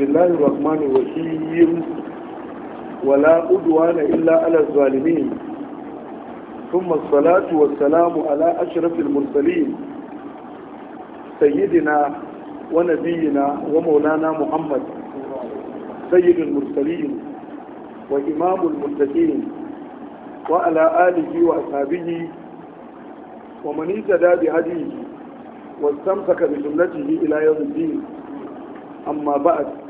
abdullahi rahmanu wasiyin wala uduwa na illa ala zalimi sun masalatu wa salamu ala ashirafin mursali sayyidina wa nabiyina wa maulana muhammad sayyidin mursali wa imamul mursali wa ala alihi wa ashabihi wa manita da bi hadisi wa samsaka bi sunnatihi ila yawm din amma ba'd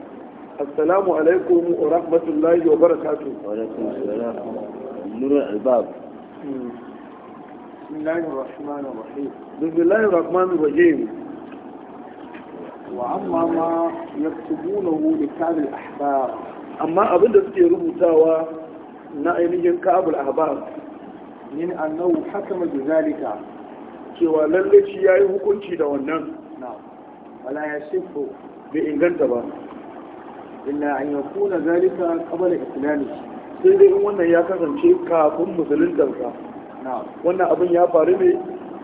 assalamu alaikum wa rahmatullahi wa barakatuh wa alaikum assalam nurul albab بسم الله الرحمن الرحيم بسم الله الرحمن الرحيم وأما ما يكتبونه لكعب الأحبار أما أبدا تيرم تاوى نائمين كعب الأحبار من أنه حكم بذلك cewa lallai shi ya yi hukunci da wannan wala ya bai inganta ba inna an yakuna zalika qabla islami sai dai in wannan ya kasance kafin na wannan abin ya faru ne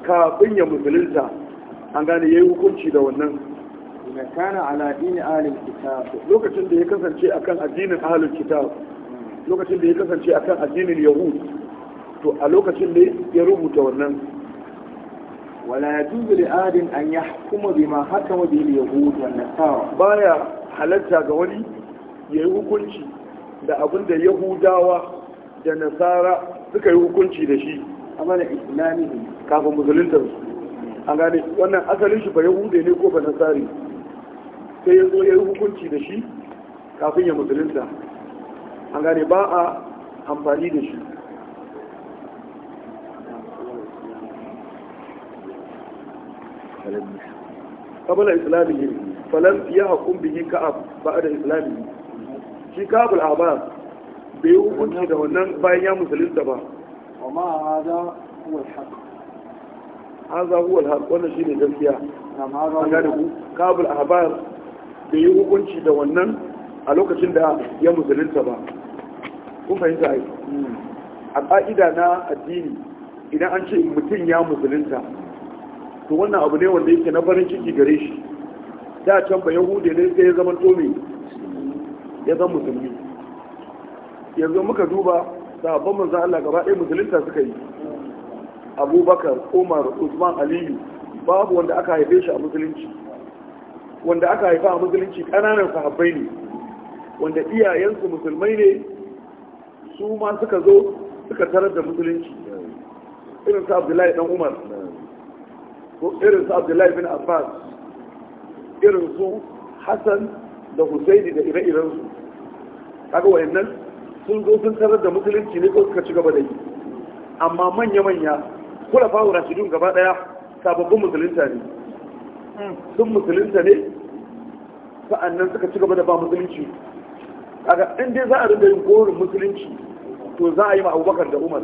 kafin ya musulunta an gane yayi hukunci da wannan ina kana ala dini ahli kitab lokacin da ya kasance akan addinin ahli kitab lokacin da ya kasance akan addinin yahud to a lokacin da ya rubuta wannan ولا يجوز لآد أن يحكم بما حكم به اليهود والنصارى بايا حلتا قولي hukunci da abin da Yahudawa da Nasara suka yi hukunci da shi a mana islami kafin musulunta su an gane wannan asalin shi ba Yahude ne ko ba Nasari sai ya zo ya yi hukunci da shi kafin ya musulunta an gane ba a amfani da shi qabla islamihi falam yahkum bihi ka'ab ba'da islamihi shi ka'ab al-abbas bai yi hukunci da wannan bayan ya musulunta ba amma hada huwa al hada huwa al wannan shine gaskiya amma ga ku ka'ab al-abbas bai yi hukunci da wannan a lokacin da ya musulunta ba kun fahimta ai hmm. a ƙa'ida na addini idan an ce mutum ya musulunta to wannan abu ne wanda yake na farin ciki gare shi da can ba yahudi ne sai ya zama tome ya zama musulmi yanzu muka duba sahabban manzan Allah gaba ɗaya musulunta suka yi abubakar umar usman aliyu babu wanda aka haife shi a musulunci wanda aka haifa a musulunci ƙananan sahabbai ne wanda iyayensu musulmai ne su ma suka zo suka tarar da musulunci irin sa abdullahi dan umar irin su abdullahi bin abbas irin su hassan da husaini da ire-iren su kaga wayannan sun zo sun tarar da musulunci ne ko suka ci gaba da yi amma manya-manya kula fawo rashidun gaba daya sababbin musulunta ne sun musulunta ne sa'annan suka ci gaba da ba musulunci kaga in dai za a rinda yin gorin musulunci to za a yi ma abubakar da umar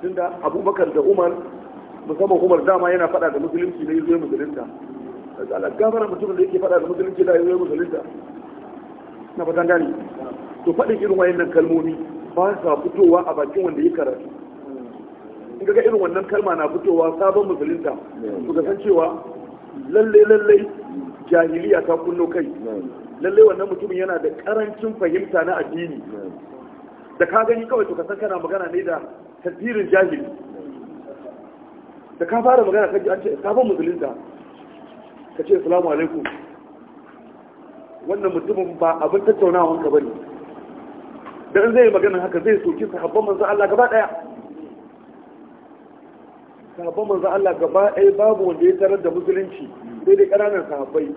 tunda abubakar da umar musamman umar dama yana faɗa da musulunci na yanzu musulunta musulunta ala gabara mutumin da yake faɗa da musulunci da yanzu musulunta na fatan gani to faɗin irin wayannan kalmomi ba sa fitowa a bakin wanda ya karatu in ga irin wannan kalma na fitowa sabon musulunta to ga san cewa lalle lalle jahiliya ta kunno kai lalle wannan mutumin yana da karancin fahimta na addini da ka gani kawai to ka san kana magana ne da tasirin jahili da ka fara magana kan ji an ce kafin musulunta ka ce salamu alaikum wannan mutumin ba abin tattaunawan ka bane dan zai magana haka zai soki sahabban manzo Allah gaba daya sahabban manzo Allah gaba ɗaya babu wanda ya tarar da musulunci sai dai ƙananan sahabbai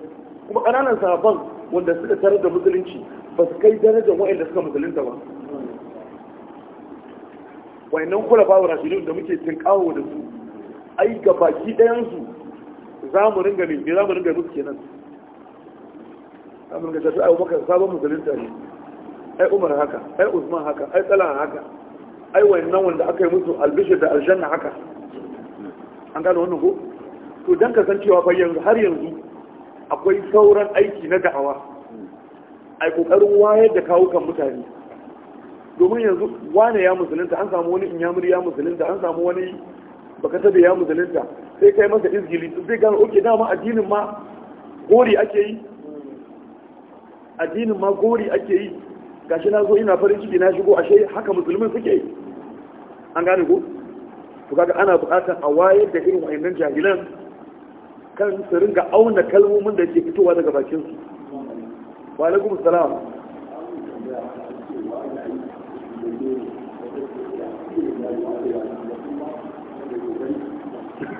kuma ƙananan sahabban wanda suka tarar da musulunci ba su kai darajar wa'anda suka musulunta ba wayannan kula bawa rashidun da muke tinkawo da su ga baki ɗayansu za mu ringa ne za mu ringa musu kenan za mu ringa tafi abubakar sabon musulunta ne ai umar haka ai usman haka ai tsala haka ai wannan wanda aka yi musu albishir da aljanna haka an gano wannan ko to dan kasancewa fa yanzu har yanzu akwai sauran aiki na da'awa ai kokarin wayar da kawo kan mutane domin yanzu wane ya musulunta an samu wani inyamuri ya musulunta an samu wani baka tabe ya musulunta sai kai masa izgili zai gano oke dama addinin ma gori ake yi addinin ma gori ake yi gashi na zo ina farin ciki na shigo ashe haka musulmin suke yi an gane ko to kaga ana bukatar a wayar da irin wayannan jahilan kan su ringa auna kalmomin da ke fitowa daga bakin su wa alaikum salam Thank you.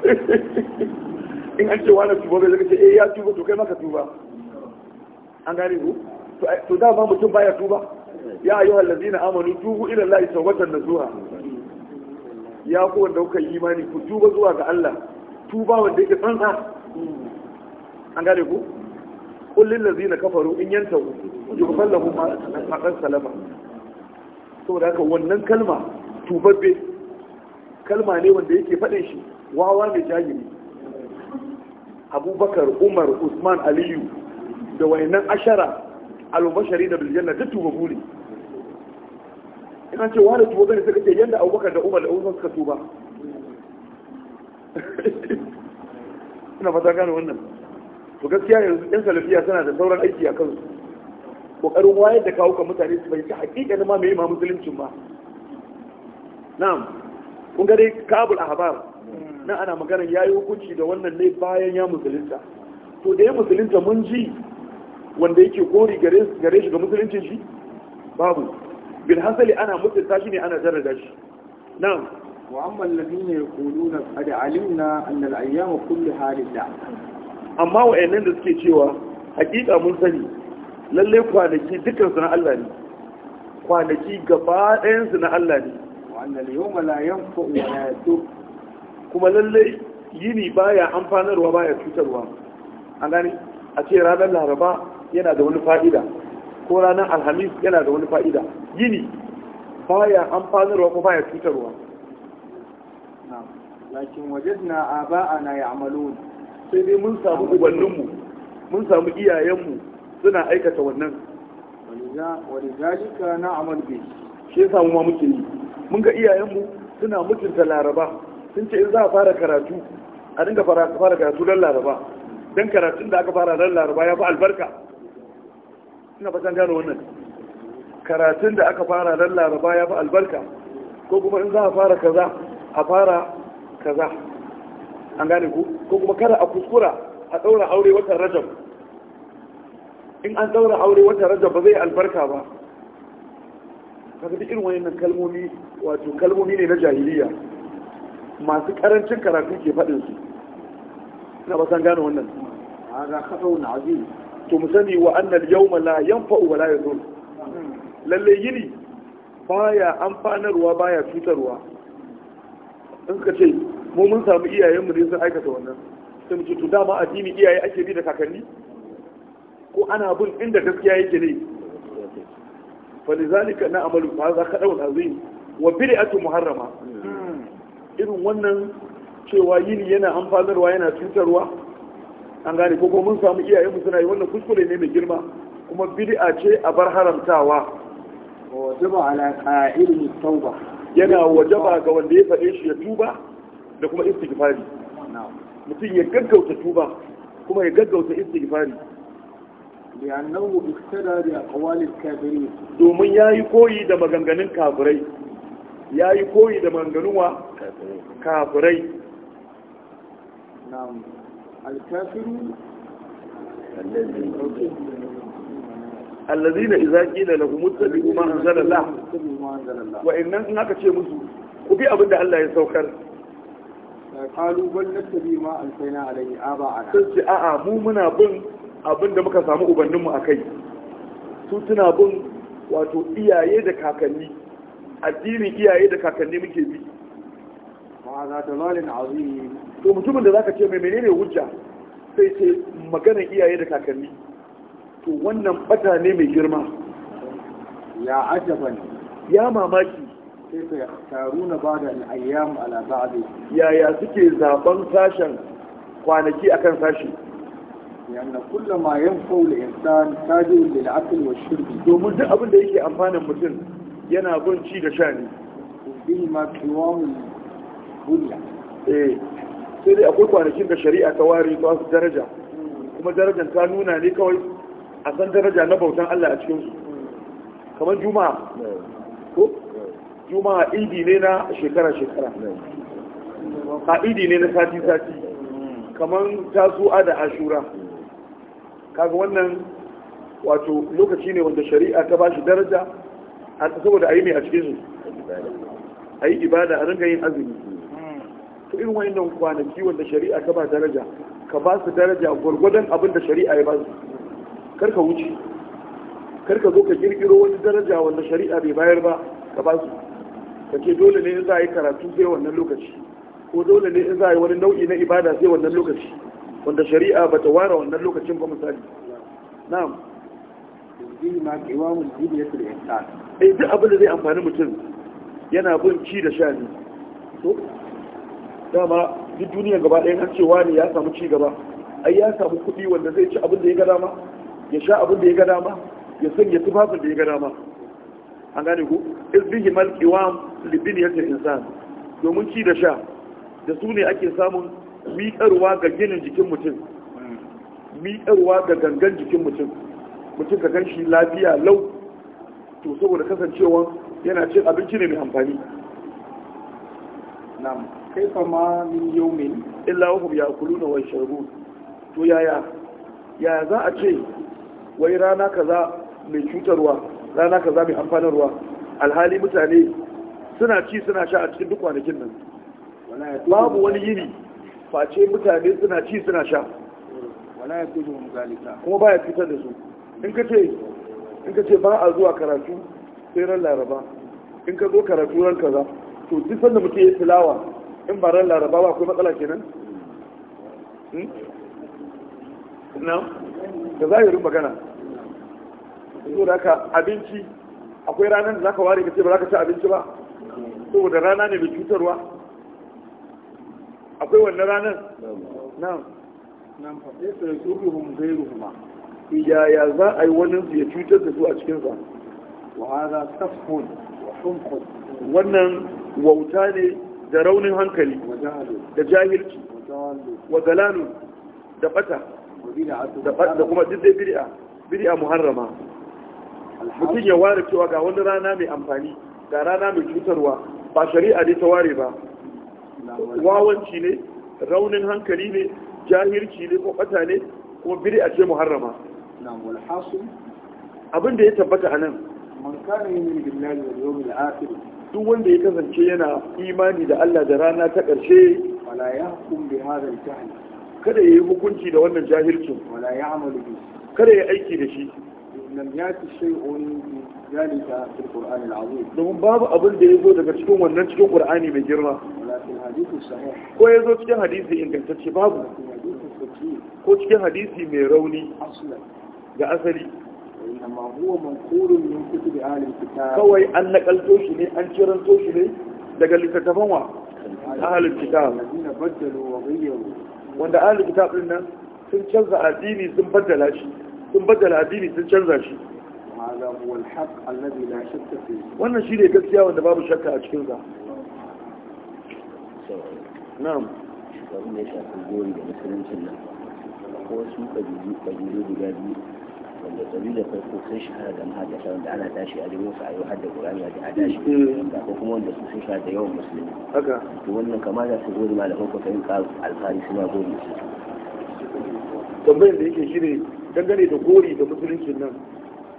in an ce wani tuba bai zaka ce eh ya tuba to kai maka tuba an gane ku to da ba mutum baya tuba ya ayu allazina amanu tubu ila allahi tawbatan nasuha ya ku wanda kuka yi imani ku tuba zuwa ga Allah tuba wanda yake tsantsa an gane ku qul lil ladzina kafaru in yantahu yughfar lahum ma taqad salama saboda haka wannan kalma tubabbe kalma ne wanda yake faɗin shi wawa ne jahili abubakar umar usman aliyu da wayannan ashara al-bashari da biljanna duk tuba buri ina ce wani tuba ne suka ce yadda abubakar da umar da umar suka tuba ina fata gane wannan to gaskiya yanzu yan salafiya suna da sauran aiki a kansu kokarin wayar da kawo ka mutane su fahimci hakikanin ma mai ma musuluncin ba na'am kun ga dai kabul ahbar nan ana maganar ya yi hukunci da wannan ne bayan ya musulunta to da ya musulunta mun ji wanda yake kori gare shi ga musuluncin shi babu bin hasali ana mutunta shi ne ana jarrada shi na'am wa amma alladhina na qad alimna la'ayya al kulle halin da. amma wa'annan da suke cewa hakika mun sani lalle kwanaki dukkan su na Allah ne kwanaki gaba ɗayan su na Allah ne wa annal al-yawma la yanfa'u wa kuma lallai yini baya amfanarwa baya cutarwa an gani a ce ranar laraba yana da wani fa'ida ko ranar alhamis yana da wani fa'ida yini baya amfanarwa ko baya cutarwa lakin wajadna ya ya'malun sai dai mun samu ubanninmu mun samu iyayenmu suna aikata wannan Wani walizalika na amal bi shi ya samu ma muke yi mun ga iyayenmu suna mutunta laraba sun ce in za a fara karatu a dinga fara karatu don laraba don karatun da aka fara don laraba ya fi albarka ina fatan gano wannan karatun da aka fara don laraba ya fi albarka ko kuma in za a fara kaza a fara kaza an gane ku ko kuma kada a kuskura a ɗaura aure watan rajab in an ɗaura aure watan rajab ba zai albarka ba kaga duk irin wayannan kalmomi wato kalmomi ne na jahiliya masu karancin karatu ke faɗin su na ba san gano wannan hada khata'un azim to mu sani wa annal yawma la yanfa'u wa la yadur lalle yini baya amfanarwa baya cutarwa in ka ce mu mun samu iyayen mu ne sun aikata wannan sai mu ce to dama addini iyaye ake bi da kakanni ko ana bin inda gaskiya yake ne fa lizalika na amalu ba za ka dauna zai wa bid'atu muharrama irin wannan cewa yini yana amfanarwa yana cutarwa an gane ko mun samu iyayenmu suna yi wannan kuskure ne mai girma kuma bid'a ce a bar haramtawa wajaba ala ba tauba yana wajaba ga wanda ya faɗe shi ya tuba da kuma istighfari mutum ya gaggauta tuba kuma ya gaggauta istighfari li'annahu iftara bi aqwali kafirin domin yayi koyi da maganganun kafirai ya yi koyi da manganuwa kafirai alkafiru da idza qila lahum ittabi'u ma anzalallah wa innan in aka ce musu ku bi abinda Allah ya saukar qalu bal nattabi ma a ba aba'ana sun ce a'a mu muna bin abinda muka samu ubanninmu a su tuna bin wato iyaye da kakanni addinin iyaye da kakanni muke bi Ba ta lalin azumi. to mutumin da zaka ce mai menene hujja sai ce maganar iyaye da kakanni to wannan bata ne mai girma ya ajaban ya mamaki sai ta taruna ba'da al-ayyam ala ya yaya suke zaban sashen kwanaki akan sashi لأن كل ما ينفع الإنسان تاجر للعقل والشرب domin duk abin da yake amfanin mutum yana bin ci da sha Eh sai dai akwai kwanakin da shari'a ta ware ta wasu daraja kuma darajar ta nuna ne kawai a san daraja na bautan Allah a cikinsu kamar juma'a ko juma'a idi ne na shekara-shekara Ka idi ne na sati-sati kamar tasu'a da ashura kaga wannan wato lokaci ne wanda shari'a ta ba shi daraja saboda a yi mai a cikin a yi ibada a ringa yin azumi to irin nan kwanaki wanda shari'a ka ba daraja ka ba su daraja gwargwadon abin da shari'a ya ba su karka wuce karka zo ka kirkiro wani daraja wanda shari'a bai bayar ba ka ba su ka ce dole ne in za a yi karatu sai wannan lokaci ko dole ne in za a yi wani nau'i na ibada sai wannan lokaci wanda shari'a ba ta ware wannan lokacin ba misali na'am ma qiwamul dibiyatul ihsan eh duk abin da zai amfani mutum yana bin ci da sha ne so dama duk duniya gaba ɗaya an cewa ne ya samu ci gaba ai ya samu kuɗi wanda zai ci abin da ya ga dama ya sha abin da ya ga dama ya sanya tufafin da ya ga dama an gane ku izbihi mal libin ya ce insan domin ci da sha da su ne ake samun miƙarwa ga ginin jikin mutum miƙarwa ga gangan jikin mutum mutum ka gan shi lafiya lau to saboda kasancewa yana cin abinci ne mai amfani na kai fama min yawmin illa wa kulu na wa yashrabun to yaya yaya za a ce wai rana kaza mai cutarwa rana kaza mai amfanarwa alhali mutane suna ci suna sha a cikin duk kwanakin nan babu wani yini face mutane suna ci suna sha kuma baya fitar da su in ka ce in ka ce ba a zuwa karatu sai ran laraba in ka zo karatu ran kaza to duk sanda muke yi tilawa in ba ran laraba ba akwai matsala kenan hmm? na da zahirin magana so da ka abinci akwai ranar da zaka ware ka ce ba za ka ci abinci ba saboda rana ne mai cutarwa akwai wannan ranar na na fa sai su ruhu ma. yaya za a yi wani ya cutar da su a cikinsa wa'aza wa wannan wauta ne da raunin hankali da jahilci wa zalalu da bata da kuma duk dai bid'a bid'a muharrama mutum ya ware cewa ga wani rana mai amfani ga rana mai cutarwa ba shari'a ne ta ware ba wawanci ne raunin hankali ne jahilci ne ko bata ne kuma bid'a ce muharrama na walhasu abin da ya tabbata a nan man kana yin billahi wal yawmil akhir duk wanda ya kasance yana imani da Allah da rana ta ƙarshe wala yahkum bi hadha ta jahl kada ya yi hukunci da wannan jahilcin wala ya'malu bi kada yayi aiki da shi ya lam yati shay'un zalika fil qur'an al-azim domin babu abin da ya zo daga cikin wannan cikin qur'ani mai girma wala fil hadith sahih ko ya zo cikin hadisi ingantacce babu ko cikin hadisi mai rauni aslan ga asali kawai an nakalto shi ne an ciranto shi ne daga littattafan wa ahli kitab wanda ahli kitab din nan sun canza addini sun baddala shi sun baddala addini sun canza shi wannan shi ne gaskiya wanda babu shakka a cikin sa na'am abin da shafi gori da musuluncin nan ko su kabilu guda biyu wanda tsari da farko sun shahara da mahajjata wanda ana tashi a jirgin su a yau hadda ƙurani da a tashi mm. ko kuma wanda su sun shahara da yawan musulmi haka to wannan kama za su gode malaman ko fahim ka alfahari suna gode su tambayar da yake shine dangane da gori da musuluncin nan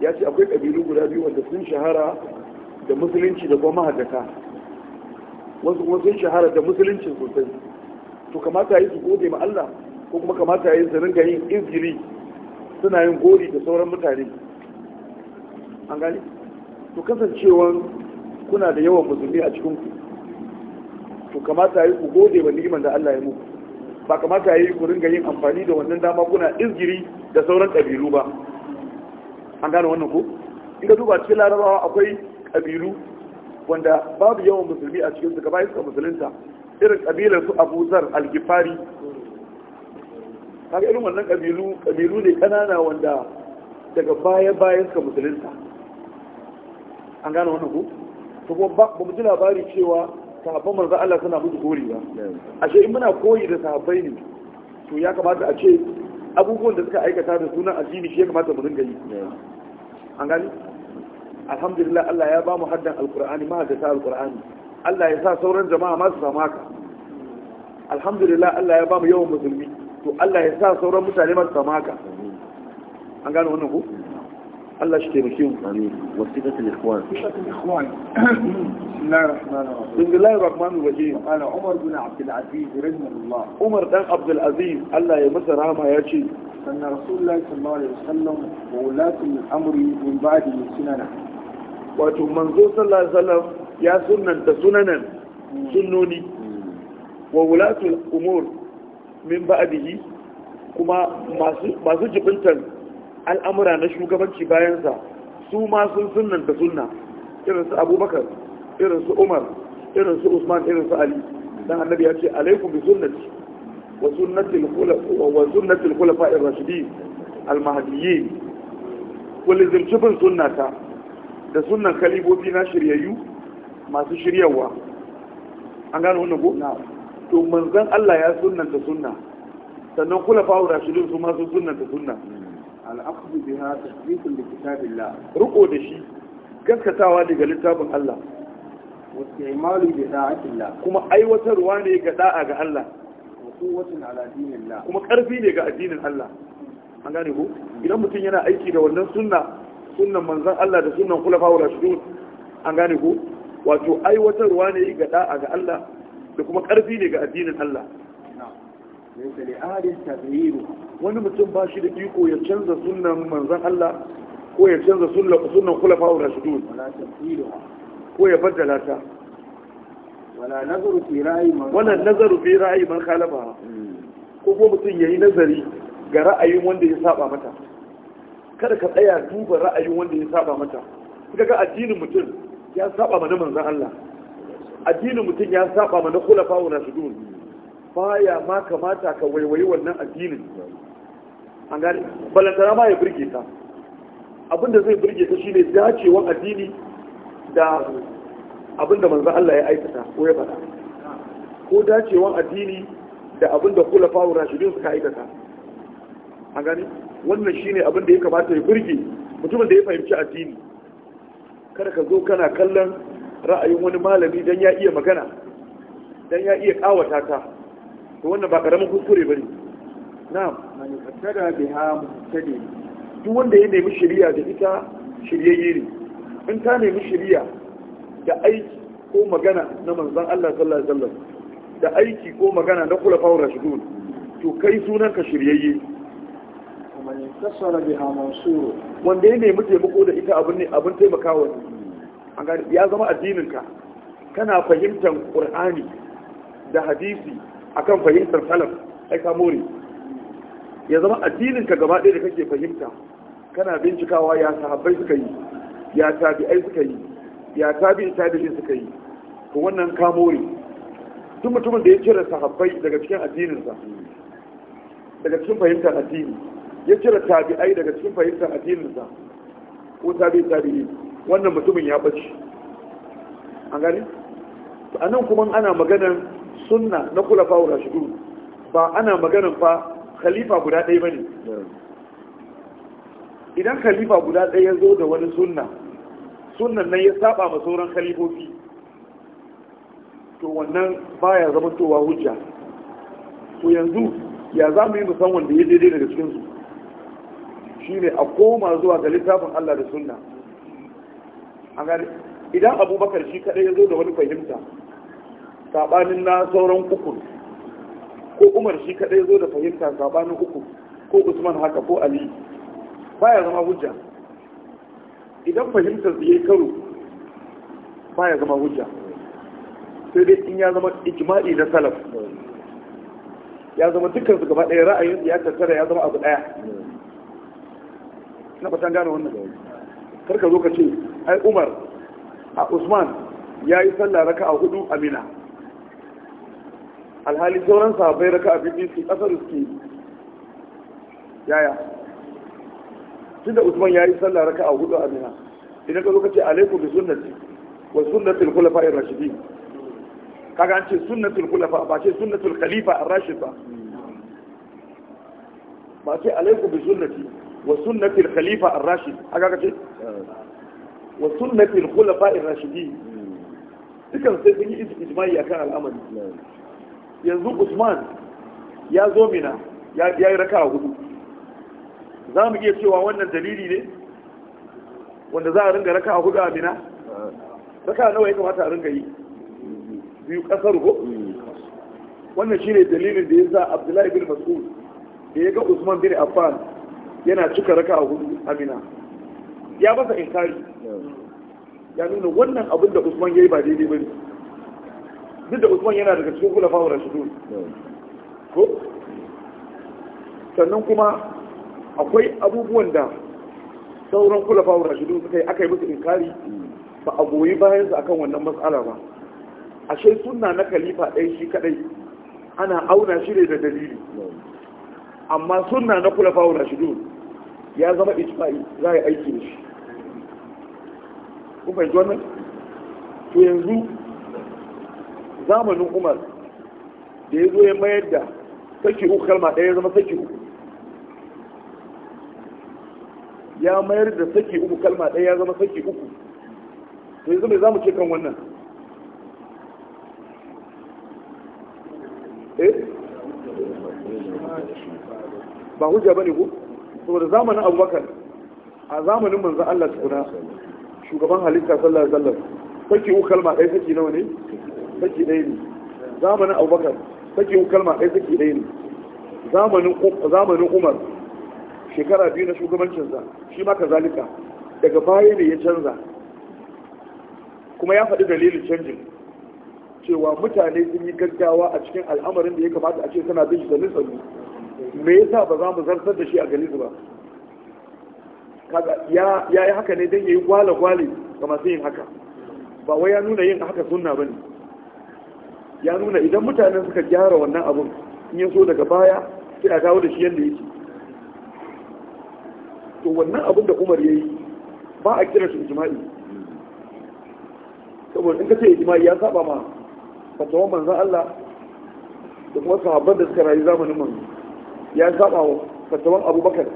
ya ce akwai kabilu guda biyu wanda sun shahara da musulunci da kuma mahajjata wasu kuma sun shahara da musulunci sosai to kamata yi su gode ma Allah ko kuma kamata yi su ringa yin izgiri suna yin gori da sauran mutane an gani to kasancewan kuna da yawan musulmi a cikin ku to kamata yi ku gode wa ni'imar da Allah ya muku ba kamata yi ku ringa yin amfani da wannan dama kuna izgiri da sauran ƙabilu ba an gane wannan ko in ka duba cikin larabawa akwai ƙabilu wanda babu yawan musulmi a cikin su gaba iska musulunta irin kabilar su abu zar al-gifari kaga irin wannan kabilu kabilu ne kanana wanda daga baya bayan suka musulunta an gane wannan ku to kuma ba mu ji labari cewa sahabban manzo Allah suna musu gori ba ashe in muna koyi da sahabbai ne to ya kamata a ce abubuwan da suka aikata da sunan addini shi ya kamata mu dinga yi an gani alhamdulillah Allah ya ba mu haddan alqur'ani ma hadda alqur'ani Allah ya sa sauran jama'a ma su samu haka alhamdulillah Allah ya ba mu yawan musulmi to Allah ya sa sauran mutane masu sama haka an gano wannan ku Allah shi taimake mu amin wasiqatul ikhwan wasiqatul ikhwan bismillahir rahmanir rahim ala umar bin abdul aziz rahimahullah umar dan abdul aziz Allah ya masa rahama ya ce sanna rasulullahi sallallahu alaihi wasallam wa ulatul amri min ba'di sunana wato manzo sallallahu alaihi wasallam ya sunnanta sunanan hmm. sunnoni hmm. wa ulatul umur min ba'dihi kuma masu jibintar al'amura na shugabanci bayansa su ma sun sunan da sunna irin su abubakar irin su umar irin su usman irin su ali don annabi ya ce alaikun bi sunnati wa sunnati kula fa’in rashidi sunnati al-khulafa ar-rashidin al sunnata da sunnan kalibobi na shiryayyu masu shiryawa an gano wannan gona to manzan Allah ya sunanta sunna sannan kula fa'u rashidun su ma sun sunanta sunna al'aqdu biha tasdiqun li kitabillah ruko da shi gaskatawa daga littafin Allah wa istimalu bi da'atillah kuma aiwatarwa ne ga da'a ga Allah wa quwwatun ala dinillah kuma karfi ne ga addinin Allah an gane ko idan mutum yana aiki da wannan sunna sunnan manzan Allah da sunnan kula fa'u rashidun an gane ko wato aiwatarwa ne ga da'a ga Allah da kuma ƙarfi ne ga addinin Allah wani mutum ba shi da iko ya canza sunan manzan Allah ko ya canza sunan kulafa wa rashidun ko ya baddala ta wala nazaru fi ra'ayi man khalafa ko ko mutum ya yi nazari ga ra'ayin wanda ya saba mata kada ka tsaya duba ra'ayin wanda ya saba mata ga addinin mutum ya saba mana manzan Allah addinin mutum ya saba mana kula fawo na shudun baya ma kamata ka waiwayi wannan addinin an gane balantana ma ya birge ta abinda zai birge ta shine dacewan addini da abinda manzo Allah ya aikata ko ya faɗa ko dacewan addini da abinda kula fawo na shudun suka aikata an gane wannan shine abinda ya kamata ya birge mutumin da ya fahimci addini kada ka zo kana kallon ra'ayin wani malami don ya iya magana don ya iya kawata ta to wannan ba karamin kuskure bane na'am man fatada biha muhtadi duk wanda ya nemi shari'a da ita shiryayye ne in ta nemi shari'a da aiki ko magana na manzon Allah sallallahu alaihi wasallam da aiki ko magana na kula fawar rashidun to kai sunan ka shiryayye man tasara biha mansur wanda ya nemi taimako da ita abun ne abin taimakawa ne an ya zama addininka kana fahimtar qur'ani da hadisi akan fahimtar salaf ai ka more ya zama addininka gaba ɗaya da kake fahimta kana bincikawa ya sahabbai suka yi ya tabi'ai suka yi ya tabi'i tabi'i suka yi to wannan ka more duk mutumin da ya cire sahabbai daga cikin addininsa daga cikin fahimtar addini ya cire tabi'ai daga cikin fahimtar addininsa ko tabi'i tabi'i wannan mutumin ya ɓace an gani a nan kuma ana maganan sunna na kula da shudu ba ana maganan fa khalifa guda ɗaya ba ne idan khalifa guda ɗaya ya zo da wani sunna sunnan nan ya saba ma sauran khalifofi to wannan baya zama towa hujja to yanzu ya za mu yi musamman da ya daidai daga cikinsu shi ne a koma zuwa ga littafin Allah da sunna an gane idan abubakar shi kadai ya zo da wani fahimta sabanin na sauran uku ko umar shi kadai ya zo da fahimta sabanin uku ko usman haka ko ali baya zama hujja idan fahimtar su yi karo baya zama hujja sai dai in ya zama ijma'i na salaf ya zama dukkan su gaba ɗaya ra'ayin ya tattara ya zama abu ɗaya na fatan gane wannan karka zo ka ce ai umar a usman ya yi sallah raka a hudu a mina alhali sauran sabai raka a bibi su kasar suke yaya tun da usman ya yi sallah raka a hudu a mina idan ka zo ka ce alaikum bi sunnati wa sunnatul a rashidi kaga an ce sunnatul kulafa ba ce sunnatul khalifa a rashid ba ba ce alaikun bi sunnati wa sunnatul khalifa a rashid haka ce? wa sunnatil ar rashidin dukan sai sun yi ijma'i akan al'amari yanzu Usman ya zo mina ya yi raka hudu za mu iya cewa wannan dalili ne wanda za a ringa raka hudu a mina raka nawa ya kamata a ringa yi biyu kasar ko wannan shine dalilin da ya sa abdullahi bin mas'ud da ya ga usman bin affan yana cika raka a mina amina ya masa inkari ya nuna wannan abin da usman ya yi ba daidai ba ne duk da usman yana daga cikin kula fawar rashidun ko sannan kuma akwai abubuwan da sauran kula fawar rashidun suka yi aka yi musu inkari ba a goyi bayan su akan wannan matsala ba ashe suna na kalifa ɗaya shi kaɗai. ana auna shi ne da dalili amma suna na kula fawar rashidun ya zama ijma'i za a yi aiki da shi kun fahimci wannan to yanzu zamanin umar da ya zo ya mayar da saki uku kalma ɗaya ya zama saki uku ya mayar da saki uku kalma ɗaya ya zama saki uku to yanzu mai za mu ce kan wannan eh ba hujja ba ne ko saboda zamanin abubakar a zamanin manzan allah tukuna shugaban halitta sallallahu alaihi wasallam saki uku kalma ɗaya saki nawa ne saki ɗaya ne zamanin abubakar saki uku kalma ɗaya saki ɗaya ne zamanin umar shekara biyu na shugabancinsa shi ma kazalika daga baya ne ya canza kuma ya faɗi dalilin canjin cewa mutane sun yi gaggawa a cikin al'amarin da ya kamata a ce suna bin shi da nisan me yasa ba za mu zartar da shi a galisu ba ya yi haka ne don ya yi gwale-gwale ga masu yin haka ba wai ya nuna yin haka sunna ba ne ya nuna idan mutane suka gyara wannan abun in ya so daga baya sai a dawo da shi yadda yake to wannan abun da umar ya yi ba a kira shi ijima'i saboda in ka ce ijima'i ya saba ma fatawan manzan Allah da kuma sahabban da suka rayu zamanin manzan ya saba wa fatawan abubakar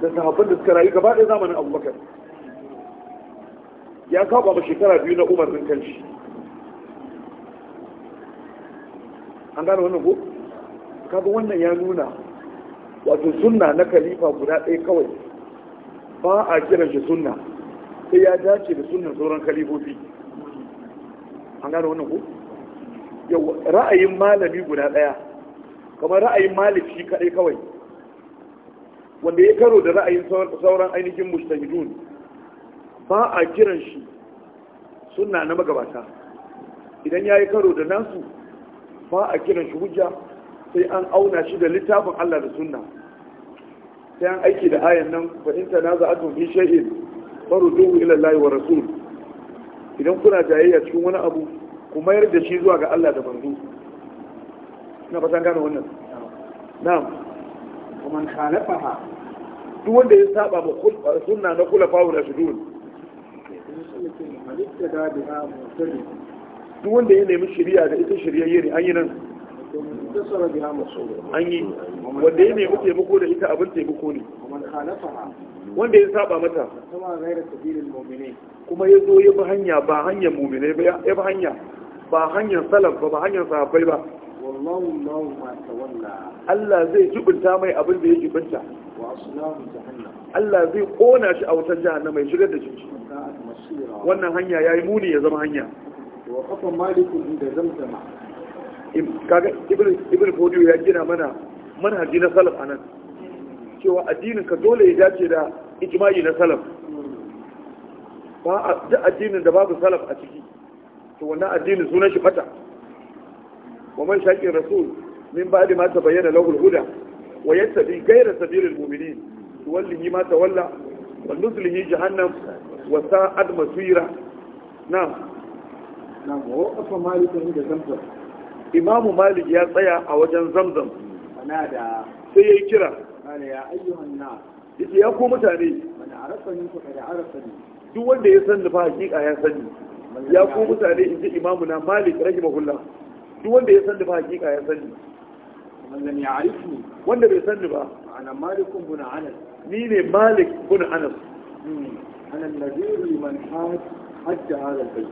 da sahabban da suka rayu gaba ɗaya zamanin abubakar ya saba ma shekara biyu na umar din kanshi an gane wannan ko kaga wannan ya nuna wato sunna na khalifa guda ɗaya kawai ba a kiran shi sunna sai ya dace da sunnan sauran khalifofi an gane wannan ko ra'ayin malami guda ɗaya kamar ra'ayin maliki kaɗai kawai wanda ya karo da ra'ayin sauran ainihin mustahidun ba a kiran shi suna na magabata idan ya yi karo da nasu ba a kiran shi hujja sai an auna shi da littafin Allah da suna. sai an aiki da ayan nan na za a fi shay'in faru duhu Allah wa rasul idan kuna jayayya cikin wani abu ku mayar da shi zuwa ga Allah da manzo ina fatan gane wannan na'am ومن خالفها duk wanda ya saba ba suna na kula fawo na shudun duk wanda ya nemi shirya da ita shiryayye ne an yi nan an yi wanda ya nemi taimako da ita abin taimako ne wanda ya saba mata kuma ya zo ya bi hanya ba hanyar mumine ba ya bi hanya ba hanyar salaf ba ba hanyar sahabbai ba Allah zai jubinta mai abin da ya jubinta Allah zai kona shi a wutar na mai shigar da shi wannan hanya ya yi muni ya zama hanya ibn fodiyo ya gina mana manhaji na salaf a nan cewa addinin ka dole ya dace da ijma'i na salaf ba a addinin da babu salaf a ciki to wannan addinin sunan shi fata ومن شاك الرسول من بعد ما تبين له الهدى ويتبي غير سبيل المؤمنين توليه ما تولى ونزله جهنم وساءت مسيرة نعم نعم ووقف مالك عند زمزم إمام مالك يا طيع أوجن زمزم فنادى سيئي كرة قال يا أيها الناس yace ya ko mutane man arafani ko kada arafani duk wanda ya san da fa hakika ya sani ya ko mutane inji imamu na malik rahimahullah duk wanda ya sani ba hakika ya sani wannan ya arifu wanda bai sani ba ana malikun buna anas ni ne malik buna anas hmm. ana naziri man hajja hada bai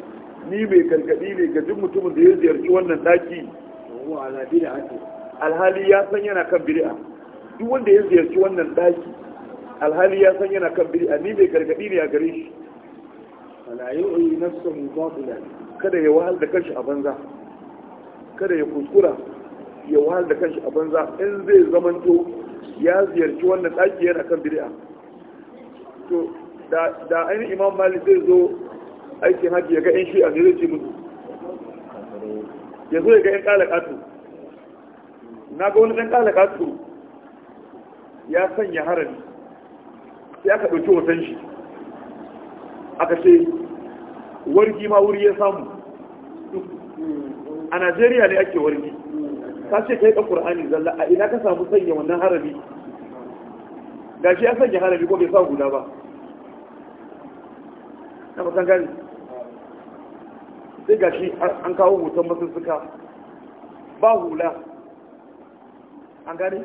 ni mai gargadi ne ga duk mutumin da ya ziyarci wannan daki wa ala bid'a alhali ya san yana kan bid'a duk wanda ya ziyarci wannan daki alhali ya san yana kan bid'a ni mai gargadi ne a gare shi fala yu'i nafsuhu batilan kada ya wahal da kanshi a banza kada ya kuskura ya wahal da kanshi a banza in zai zamanto ya ziyarci wannan ɗaki yana kan bid'a to da ainihin imam malik zai zo aikin haji ya ga in shi a zai ce musu ya zo ya ga in ƙala ƙatu na ga wani ɗan ƙala ƙatu ya sanya harami sai aka ɗauki hoton shi aka ce wargi ma wuri ya samu a najeriya ne ake wargi ka ce kai ka qur'ani zalla a ina ka samu sanya wannan harami? Ga shi ya sanya harami ko bai sa guda ba na ba gani sai gashi an kawo hoton masussuka ba hula an gani.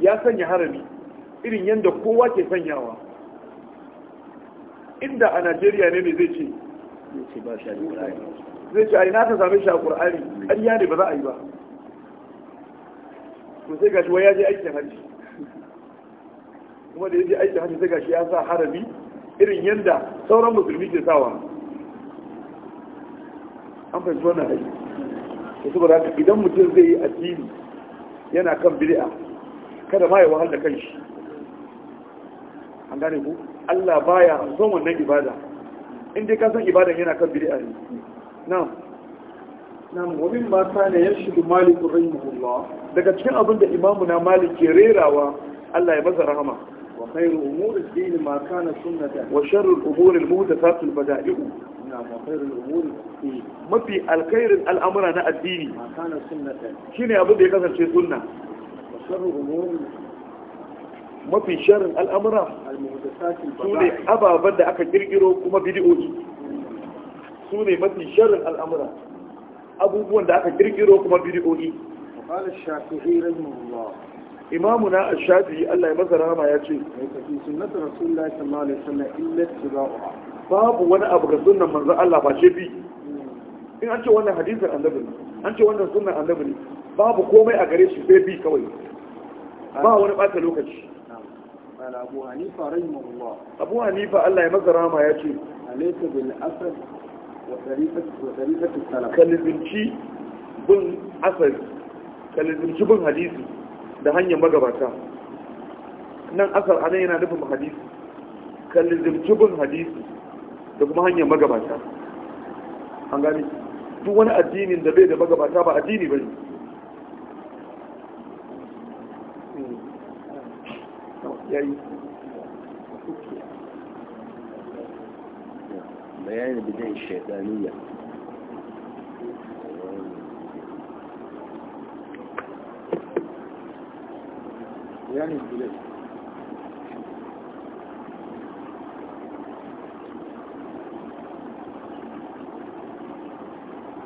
ya sanya harami irin yadda kowa ke sanyawa inda a najeriya ne mai zai ce ba zai ce ai na ta same shi a qur'ani ƙarya ne ba za a yi ba to sai gashi wai ya je aikin hajji kuma da ya je aikin hajji sai gashi ya sa harami irin yanda sauran musulmi ke sawa an fahimci wannan hajji to saboda haka idan mutum zai yi addini yana kan bid'a kada ma ya wahal da kanshi an gane ku Allah baya son wannan ibada in dai ka san ibadan yana kan bid'a ne na'am na'am wabin ne ya yashudu malik rahimahullah daga cikin abin da imamu na malik ke rerawa Allah ya masa rahama wa khairu umuri din ma kana sunnatan wa sharru umuri al-muhdathat al-bada'i na'am wa khairu umuri mafi alkhairin al'amura na addini ma kana sunnatan shine abin da ya kasance sunna wa sharru umuri mafi sharrin al'amura su ne ababen da aka kirkiro kuma bidiyoyi su ne mafi sharrin al'amura abubuwan da aka girgiro kuma bidiyoyi imamuna ash-shafi'i Allah ya masa rama ya ce babu wani abu ga sunan manzo Allah ba ce bi hmm. in an ce wannan hadisin annabi an ce wannan sunan annabi ne babu komai a gare shi sai bi kawai ba wani bata lokaci Abu Hanifa Allah ya masa rama ya ce kalizimci bin asali kalizimci bin hadisi da hanyar magabata nan asar anan yana nufin hadisi kalizimci bin hadisi da kuma hanyar magabata an gani duk wani addinin da bai da magabata ba addini ba ne yayi بيان البدع الشيطانية يعني بيان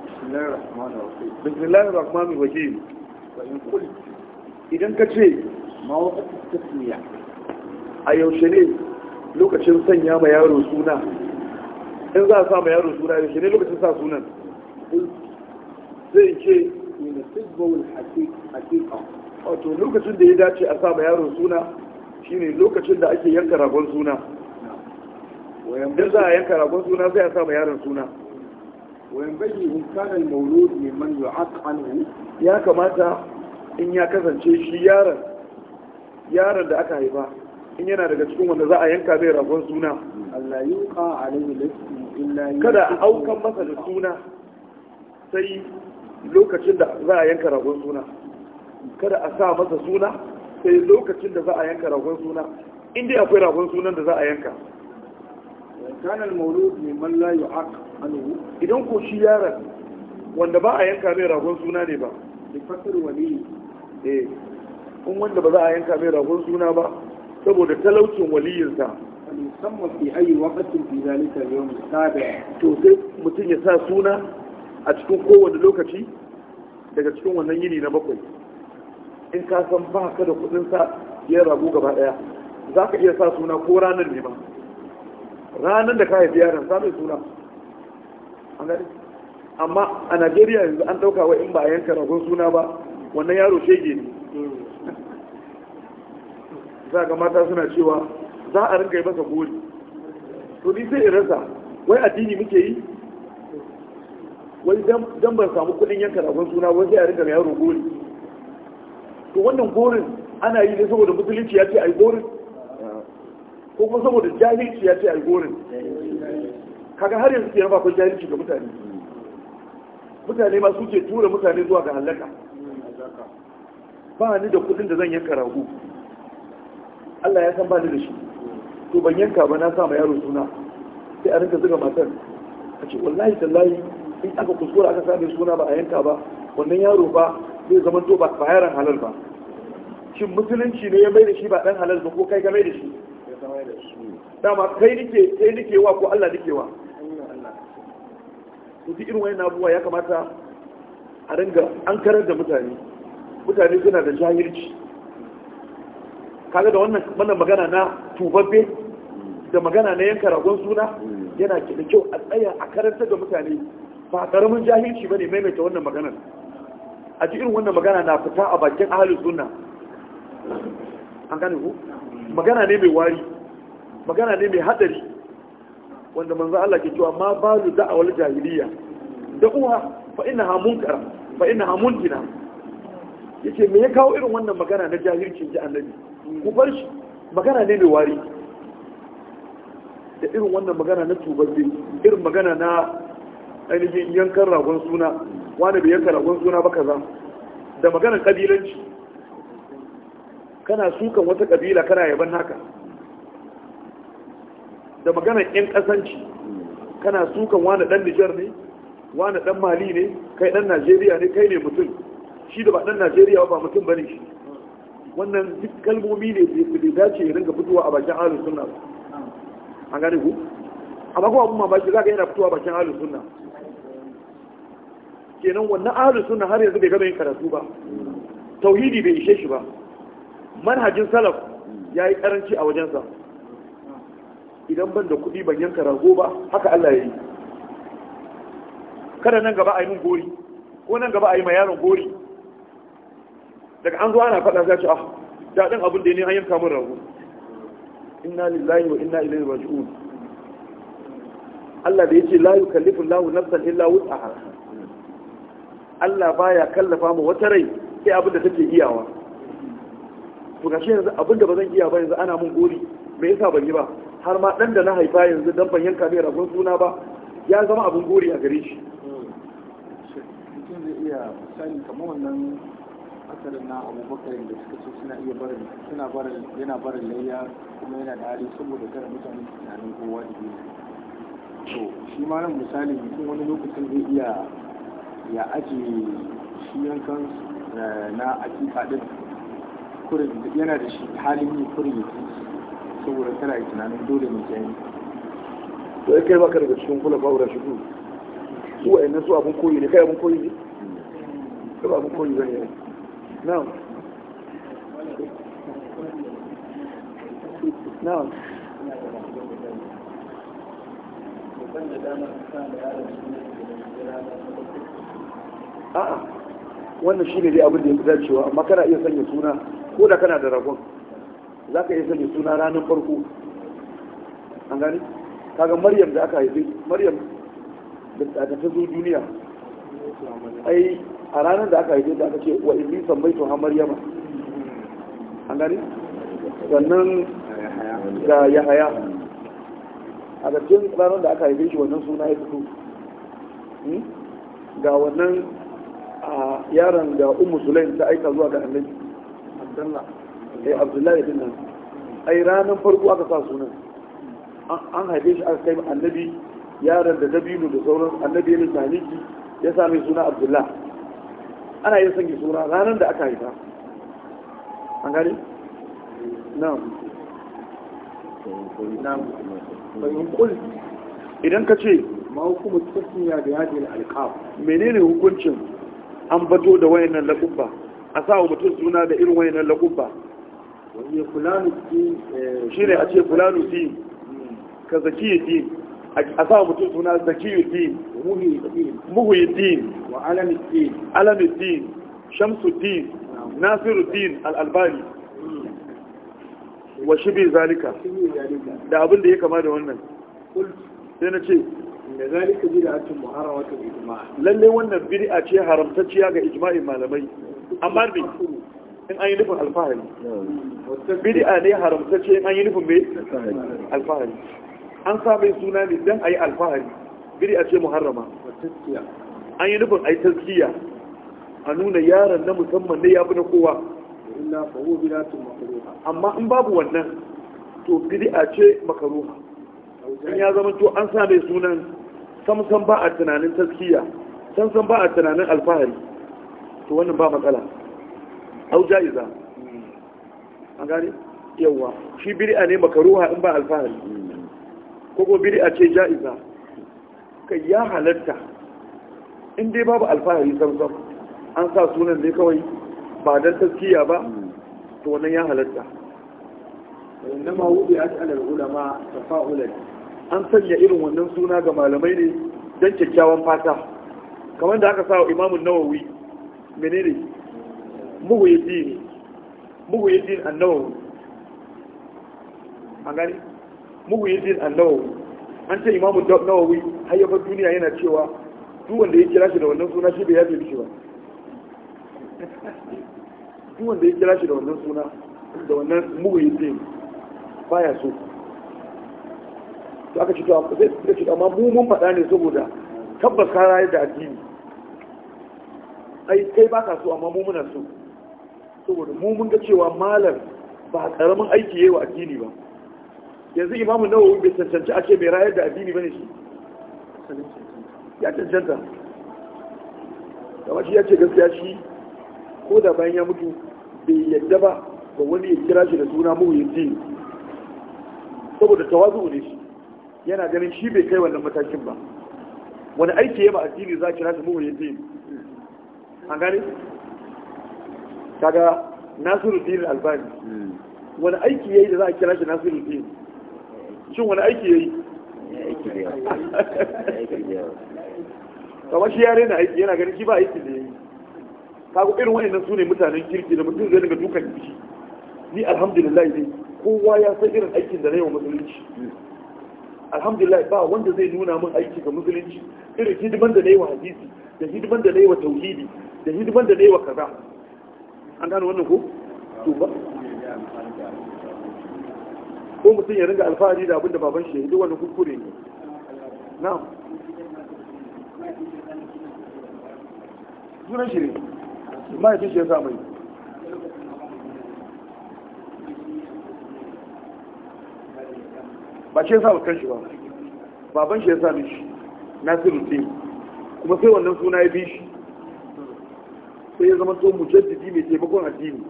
بسم الله الرحمن الرحيم بسم الله الرحمن الرحيم وإن قلت إذا كتشي ما وقت التسمية أيوشنين لوكاشن سنيا ما يارو سونا in za a sa ma yaro suna yaushe ne lokacin sa sunan zai ce wato lokacin da ya dace a sa ma yaro suna shine lokacin da ake yanka ragon suna in za a yanka ragon suna sai a sa ma yaron suna wayan bayi in kana maulud mimman yu'aq anhu ya kamata in ya kasance shi yaron yaron da aka haifa in yana daga cikin wanda za a yanka zai ragon suna Allah yuqa alaihi lasmi kada a aukan masa da suna sai lokacin da za a yanka ragon suna kada a sa masa suna sai lokacin da za a yanka ragon suna inda akwai ragon sunan da za a yanka kanan maulud ne man la yu'aq hannu idan ko shi yaron wanda ba a yanka mai ragon suna ne ba da fasir ne. eh kun wanda ba za a yanka mai ragon suna ba saboda talaucin waliyinsa musamman fi ayi waqtin fi zalika yawm sabi to sai mutum ya sa suna a cikin kowane lokaci daga cikin wannan yini na bakwai in ka san ba ka da kudin sa ya rabu gaba daya za ka iya sa suna ko ranar ne ma ranar da ka haifi yaron sa mai suna amma a najeriya yanzu an dauka wa in ba a yanka ragon suna ba wannan yaro shege ne hmm. za ga mata suna cewa za a ringa yi masa gori to ni sai in rasa wai addini muke yi wai dan ban samu kudin yanka ragon suna wai sai a ringa mai yaro gori to wannan gorin ana yi ne saboda musulunci ya ce ai gorin ko kuma saboda jahilci ya ce ai gorin kaga har yanzu kenan ba ko jahilci ga mutane mutane ma suke tura mutane zuwa ga halaka ba ni da kudin da zan yanka rago Allah ya san ba ni da shi to ban yanka ba na sa ma yaro suna sai a rinka zuga matar a ce wallahi tallahi in aka kuskura aka sa mai suna ba a yanka ba wannan yaro ba zai zama to ba yaran halal ba shin musulunci ne ya mai da shi ba dan halal ba ko kai ka mai da shi dama kai nike kai nike wa ko Allah nike wa to duk irin wayannan abubuwa ya kamata a ringa an karar da mutane mutane suna da jahilci kaga da wannan wannan magana na tubabbe da magana na yanka ragon suna mm. yana da kyau a tsaya a karanta ga mutane ba karamin jahilci ba ne maimaita wannan maganar a ji irin wannan magana na fita a bakin ahalin suna, an gane ku magana ne mai wari magana ne mai hadari wanda manzo Allah ke cewa ma da awal jahiliya da uwa fa ha munkara fa ha muntina yace me ya kawo irin wannan magana na jahilcin ji annabi ku bar shi magana ne mai wari da irin wannan magana na tubarbe irin magana na ainihin yankan ragon suna wani bai yanka ragon suna ba kaza da maganan kabilanci kana sukan wata kabila kana yaban naka da maganan yan kasanci kana sukan wani dan Nijar ne wani dan Mali ne kai dan Najeriya ne kai ne mutum shi da ba dan Najeriya ba mutum bane shi wannan duk kalmomi ne da dace ya ringa fitowa a bakin ahlus sunna an gane ku amma kuma abun mamaki za ka yana fitowa bakin ahalus sunna kenan wannan ahalus sunna har yanzu bai gama yin karatu ba tauhidi bai ishe shi ba manhajin salaf ya yi karanci a wajensa idan ban da kuɗi ban yanka rago ba haka Allah ya yi kada nan gaba a yi mun gori ko nan gaba a yi ma yaron gori daga an zuwa ana faɗa za ci ah daɗin abin da ne an yanka mun rago inna lillahi wa inna ilaihi raji'un Allah da yake la yukallifu Allahu nafsan illa wus'aha Allah baya kallafa mu wata rai sai abin da take iyawa to gashi yanzu abin da ba zan iya ba yanzu ana mun gori me yasa ban yi ba har ma dan da na haifa yanzu dan ban yanka mai ragon suna ba ya zama abin gori a gare shi mutum zai iya misali kamar wannan akasarin na abu bakarin da suka ce suna iya barin suna barin yana barin layya kuma yana da hali saboda kada mutane su tunanin kowa da biyu to shi ma nan misali mutum wani lokacin zai iya ya ajiye shi yankan eh, na akika din kurin yana da shi halin yi kurin yi saboda kada yi tunanin dole mai jami to ya kai baka daga cikin kula bawura shi ku wa'annan su abin koyi ne kai abin koyi ne kai abin koyi ba yi نعم نعم a'a wannan shi ne dai abin da ya fi dacewa amma kana iya sanya suna ko da kana da ragon za ka iya sanya suna ranar farko an gani kaga maryam da aka haifi maryam da ta zo duniya ai a ranar da aka haife ta aka ce wa ibi sammai to hamar yama an gani sannan ga yahaya a cikin ranar da aka haife shi wannan suna ya fito hmm? ga wannan yaron da umu sulaim ta aika zuwa ga annabi abdullahi eh, abdullahi bin nan ai ranar farko aka sa sunan an haife shi aka kai annabi yaron da dabino da sauran annabi ya lissaniki ya sami suna abdullahi ana yin sanya sura ranar da aka haifa an gani? na'am bayan idan ka ce ma hukumu ya da yadda alkaf menene hukuncin an bato da wayannan laƙubba a sa wa mutum suna da irin wayannan laƙubba shi ne a ce fulanu din hmm. ka zaki din a sa mutum suna zakiyuddin muhyiddin wa alamuddin alamuddin shamsuddin nasiruddin al-albani hmm. wa shibi zalika da abin da ya kama da wannan sai na ce da zalika bid'atun wata ijma' lalle wannan bid'a ce haramtacciya ga ijma'in malamai amma me in an yi nufin alfahari hmm. bid'a ne haramtacce in an yi nufin mai alfahari an sa suna ne don a yi alfahari biri a ce muharrama an yi nufin a yi taskiya a nuna yaron na musamman ne ya fi na kowa amma in babu wannan to biri a ce makaruha in ya zama to an sa mai sunan samsan ba a tunanin taskiya samsan ba a tunanin alfahari to wannan ba matsala au ja'iza an gane yawa shi biri a ne makaruha in ba alfahari ko ko bid'a ce ja'iza kai ya halatta in dai babu alfahari samsam an sa sunan dai kawai ba dan taskiya ba to wannan ya halatta innama a ala ulama tafa'ulan an sanya irin wannan suna ga malamai ne dan kyakkyawan fata kamar da aka sa wa imamun nawawi menene muhyiddin muhyiddin an-nawawi an gani muhyiddin an-nawawi an ce imamu nawawi har duniya yana cewa duk wanda ya kira shi da wannan suna shi bai yafe mishi ba duk wanda ya kira shi da wannan suna da wannan din baya so to aka ci to zai ci amma mu mun faɗa ne saboda tabbas ka rayar da addini ai kai ba ka so amma mu muna so saboda mu mun ga cewa malam ba karamin aiki yayi wa addini ba yanzu imamu nawa bai cancanci ake mai rayar da addini bane shi ya cancanta kamar shi ya ce gaskiya shi ko da bayan ya mutu bai yadda ba ga wani ya kira shi da suna yin jini saboda tawazu ne shi yana ganin shi bai kai wannan matakin ba wani aiki ya ba addini za a kira shi yin jini an gane kaga nasiru dinin albani hmm. wani aiki ya yi da za a kira shi nasiru dinin shin wani aiki ya yi shi yare na aiki yana ganin shi ba aiki da ya yi kago irin wa'annan su ne mutanen kirki da mutum zai daga dukan jiki ni alhamdulillah dai kowa ya san irin aikin da na yi wa musulunci alhamdulillah ba wanda zai nuna min aiki ga musulunci irin hidiman da na yi wa hadisi da hidiman da na yi wa tauhidi da hidiman da na yi wa kaza an gano wannan ko to ko mutum ya ringa alfahari da abinda baban shi ya yi duk wani kuskure ne na'am sunan shi ne mahaifin shi ya sa mai ba shi ya sa kan shi ba baban shi ya sa na nasiru ce kuma sai wannan suna ya bi shi sai ya zama to mujaddidi mai taimakon addini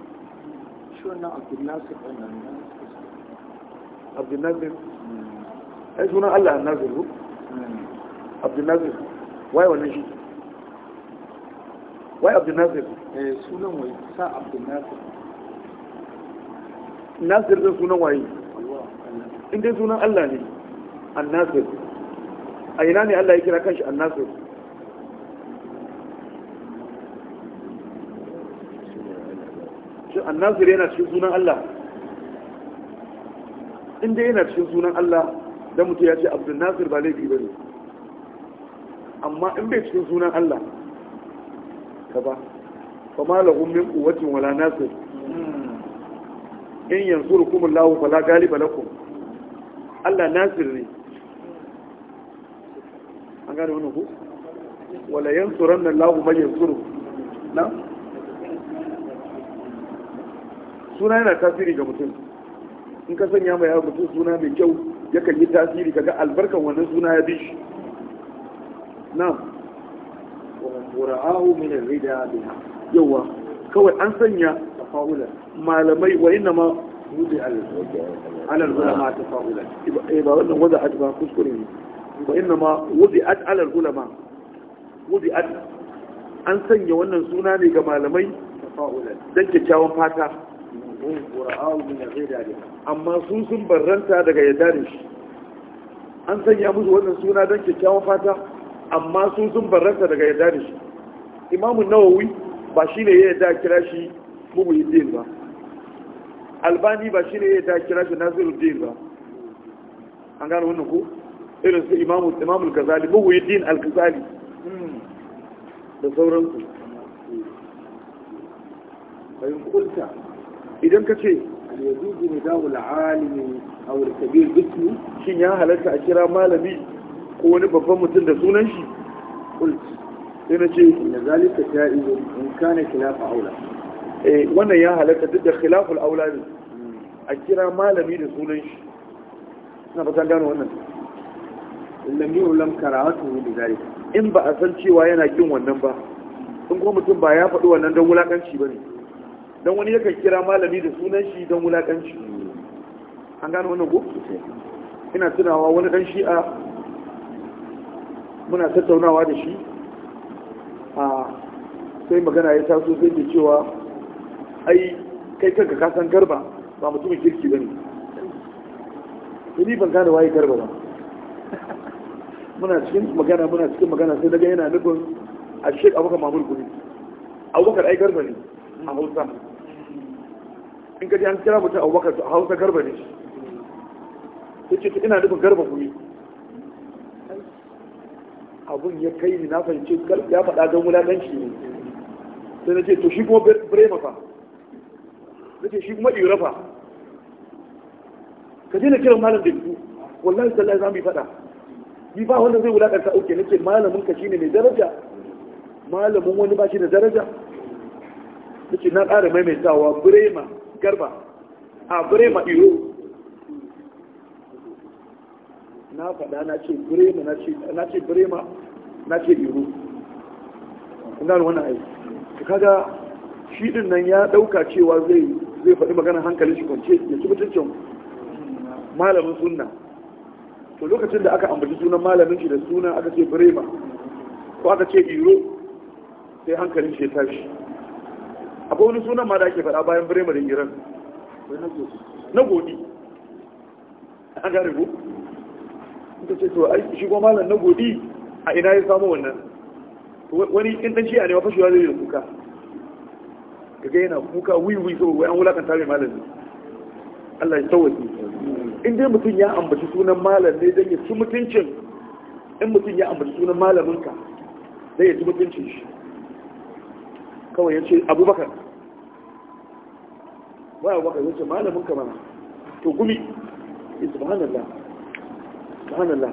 shi wannan abdulnazir ai sunan allah annazir ku abdulnazir wai wannan shi wai abdulnazir eh sunan wai sa abdulnazir nasir din sunan waye in dai sunan allah ne annasir a ina ne allah ya kira kanshi annasir annasir yana cikin sunan allah Inda yana cikin sunan Allah dan mutu ya ce Abdul Nasir ba laifi bane amma in bai cikin sunan Allah ba fa ma lahum min quwwatin wala nasir in yansurukum Allah la ghaliba lakum Allah nasir ne an gane wannan ku wala yansuranna Allah man yansuru na suna yana tasiri ga mutum in ka sanya mai yaro mutum suna mai kyau ya kan yi tasiri ga albarkan wannan suna ya bi shi na wara'ahu min ar-rida biha yawa kawai an sanya tafa'ula malamai wa inna ma wudi ala al-ulama tafa'ula eh ba wannan wada ba kuskure ne wa inna ma wudi ala al-ulama wudi an sanya wannan suna ne ga malamai tafa'ula dan kyakkyawan fata amma sun sun barranta daga yadda da shi an sanya musu wannan suna don kyakkyawan fata amma sun sun barranta daga yadda da shi imamun nawawi ba shi ne ya yadda kira shi mubuyuddin ba albani ba shi ne ya yadda kira shi nasiru nasiruddin ba an gano wannan ko irin su imamul kazali mubuyuddin al Alkazali da sauransu bayan kulta idan ka ce yazuzu nida'ul alimi a al-kabir dukku. shin ya halatta a kira malami ko wani babban mutum da sunan shi kulci sai na ce inna zalika ja'izun in kane khilafa aula eh wannan ya halatta duk da khilaful aula ne a kira malami da sunan shi ina fatan gano wannan lam yu'lam ne bi zalika in ba a san cewa yana kin wannan ba in kuma mutum ba ya faɗi wannan don wulakanci bane don wani yakan kira malami da sunan shi don wulaƙanci an gano wannan ko ina tunawa wani ɗan shi'a muna tattaunawa da shi a sai magana ya taso sai ke cewa ai kai kanka ka san garba ba mutumin kirki ba ne ni ban gane waye garba ba muna cikin magana muna cikin magana sai daga yana nufin a shek abokan mamul kuri abokan ai garba ne a hausa in ka ji an kira mutum abubakar to a hausa garba ne shi ya ce ina nufin garba kuri abun ya kai ni na fahimci ya faɗa don wulaƙanci ne sai na ce to shi kuma brema fa na ce shi kuma ira fa ka je na kiran malam da biyu wallahi sallahi za mu yi faɗa ni ba wanda zai wulaƙanta na ce malamin ka shine mai daraja malamin wani ba shi da daraja nake na ƙara maimaitawa brema garba a ma iro na faɗa na ce ma na ce ma na ce iro kun wani wannan aiki kaga shi din nan ya ɗauka cewa zai zai faɗi magana hankalin shi kwance ya ci mutuncin malamin sunna to lokacin da aka ambaci sunan malamin shi da suna aka ce ma ko aka ce iro sai hankalin shi ya tashi akwai wani sunan ma da ake faɗa bayan firamarin iran na godi an gane ko ita ce to aiki shi kuma malam na godi a ina ya samu wannan wani in dan shi'a ne ma fashewa zai da kuka gaya yana kuka wiwi so wai an wulakanta mai malami Allah ya tawaki in dai mutum ya ambaci sunan malam ne don ya ci mutuncin in mutum ya ambaci sunan malamin ka dan ya ci mutuncin shi kawai ya ce abubakar wai abubakar wuce malamin ka mana to gumi eh, subhanallah subhanallah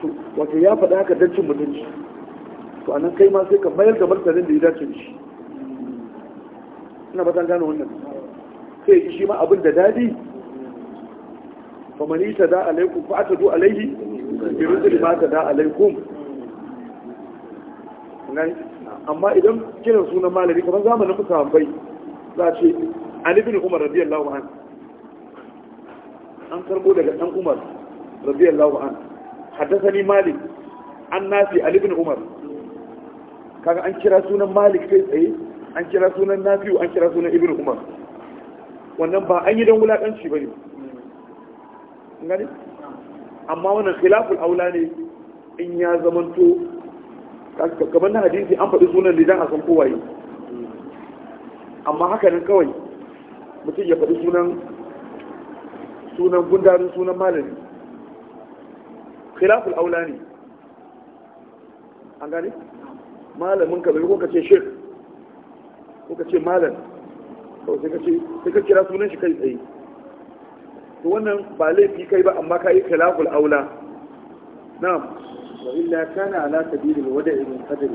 to wato ya faɗa haka dancin mutunci to anan kai ma sai ka mayar da martanin da ya dace shi ina ba zan gano wannan sai shi ma abin da dadi famani ta da alaikum fa du alaihi bi rusul ma ta da alaikum amma idan kiran sunan malami kamar zamanin musamman bai za a ce an ibn umar radiyallahu an an karbo daga dan umar radiyallahu an haddathani malik an nafi an ibn umar kaga an kira sunan malik sai tsaye an kira sunan nafi an kira sunan ibn umar wannan ba an yi don wulakanci bane gani amma wannan khilaful aula ne in ya zamanto gaban na hadisi an faɗi sunan da dan a san kowaye amma haka nan kawai mutum ya faɗi sunan sunan gundarin sunan malami khilaful aula ne an gane malamin ka bai ko ka ce shek ko ka ce malam kawai sai ka ce sai ka kira sunan shi kai tsaye to wannan ba laifi kai ba amma ka yi khilaful aula na'am wa illa kana ala sabilil wada'i min qadri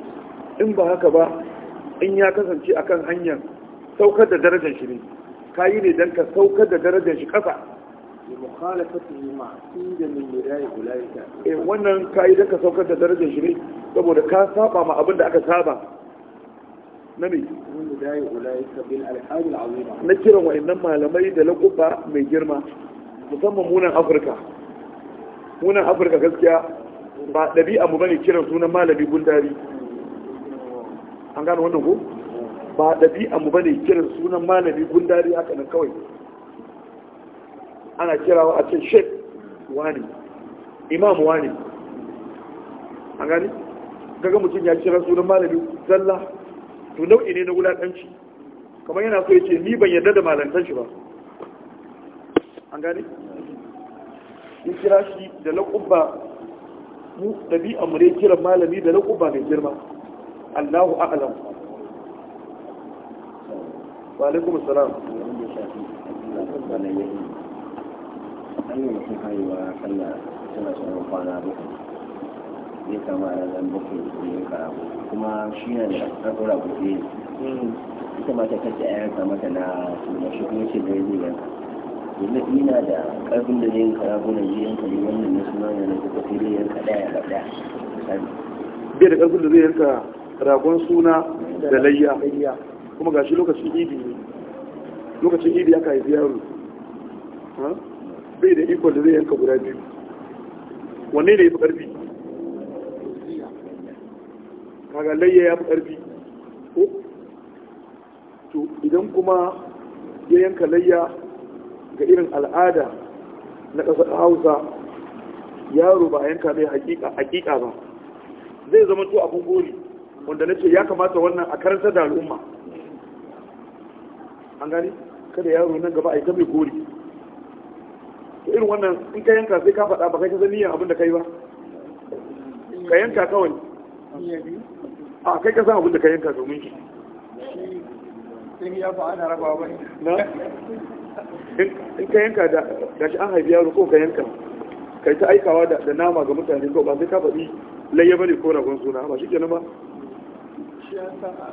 in ba haka ba in ya kasance akan hanyar saukar da darajar shi ne kayi ne don ka saukar da darajar shi kasa eh, wannan kayi don ka saukar da darajar shi ne saboda ka saba ma abin da aka saba na ne na kiran wa'annan malamai da lakuba mai girma musamman munan afirka munan afirka gaskiya ba ɗabi'a mu bane kiran sunan malami gundari an gano wannan ko ba ɗabi'a mu bane kiran sunan malami gundari haka nan kawai ana kirawa a can shek wani imam wani an gani gaga mutum ya kira sunan malami zalla to nau'i ne na wulaƙanci kamar yana so ya ce ni ban yarda da malantar shi ba an gani in kira shi da laƙubba mu ɗabi'a mu ne kiran malami da laƙubba mai girma Allahu a'lam wa alaikum salam an yi mutum haihuwa sallah tana tsoron kwana zai kama da yin kuma shi na da ƙarfin rabu ita mata kacce a yanka mata na suna shi kuma ce da zai yanka yanzu ina da ƙarfin da zai yanka rabu na yanka ne wannan na suna da na kuka sai zai yanka ɗaya da ɗaya bai da ƙarfin da zai yanka ragon suna da layya kuma gashi lokacin idi ne lokacin idi aka haifi yaro bai da ikon da zai yanka guda biyu wanne ne ya fi ƙarfi kaga layya ya fi ƙarfi ko to idan kuma ya yanka layya ga irin al'ada na ƙasar hausa yaro ba a yanka mai hakika ba zai zama to abin gori wanda na ce ya kamata wannan a karanta da al'umma an gani kada yaro nan gaba a yi ta mai gori to irin wannan in ka yanka sai ka faɗa ba kai ta san niyan abin da yi ba ka yanka kawai a kai ka san abin da ka yanka domin shi in ya ba na in ka yanka da gashi an haifi yaro ko ka yanka kai ta aikawa da nama ga mutane ko ba sai ka faɗi layya bane ko ragon suna ba shi kenan ba shi a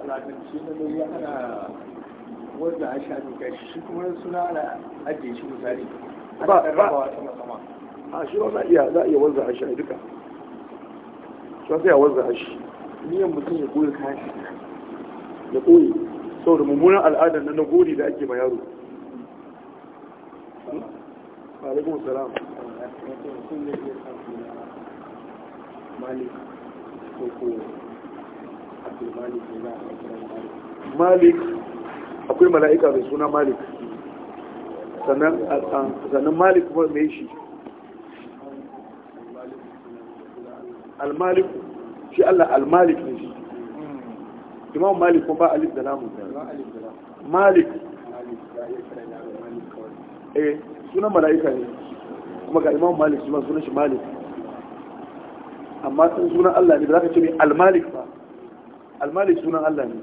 na ana wanda an sha duka shi shi kuma suna na ajiye shi misali ba ba a shi ba za iya za iya A shi duka shi ba za iya wanza shi niyan mutum ya koyi kayan ya koyi saboda mummunan al'adar na gori da ake ma yaro hmm? alaikum salam malik ko ko malik akwai mala'ika mai suna malik sannan malik kuma mai shi al-malik shi Allah al-malik ne shi imam malik kuma ba alif da lamu malik eh sunan mala'ika ne kuma ga imam malik suna sunan shi malik amma sun sunan Allah ne ba za ka ce ne al-malik ba al-malik sunan Allah ne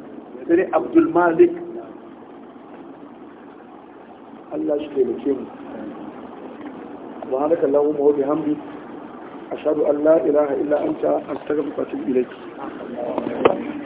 sai ne abdul malik Allah shi taimake mu subhanaka allahumma wa bihamdi ashhadu an la ilaha illa anta astaghfiruka wa atubu ilayk